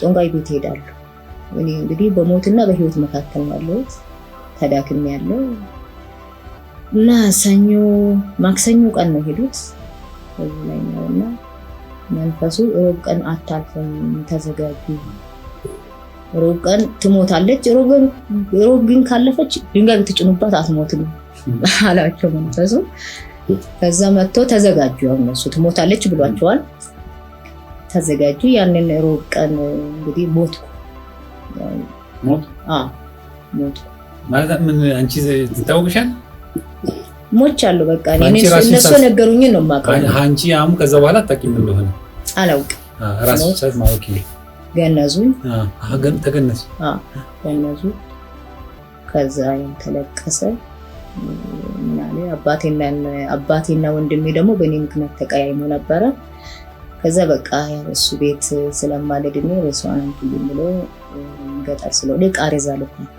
ጨንጋይ ቤት ሄዳሉ። እኔ እንግዲህ በሞትና በህይወት መካከል ነው ያለሁት። ተዳክም ያለው እና ሰኞ ማክሰኞ ቀን ነው ሄዱት እዚህ ላይ ነው እና መንፈሱ ሮብ ቀን አታልፍም፣ ተዘጋጁ፣ ሮብ ቀን ትሞታለች፣ ሮብ ግን ካለፈች ድንጋይ ብትጭኑባት አትሞትም አላቸው መንፈሱ። ከዛ መጥቶ ተዘጋጁ፣ እነሱ ትሞታለች ብሏቸዋል። ተዘጋጁ። ያንን ሮብ ቀን እንግዲህ ሞትኩ ሞትኩ ማለት ምን በቃ እነሱ ነገሩኝ ነው የማውቀው። አንቺ አሁን ከዛ በኋላ አታውቂም እንደሆነ አላውቅም። ራስሽ ማወቂ ገነዙኝ። ተገነዙ ገነዙ። ከዛ ተለቀሰ ምናሌ አባቴና ወንድሜ ደግሞ በእኔ ምክንያት ተቀያይሞ ነበረ። ከዛ በቃ እሱ ቤት ስለማልሄድ ነው ሬስቶራንት ብሎ ገጠር ስለሆነ ቃሬዛ ልኩ ነው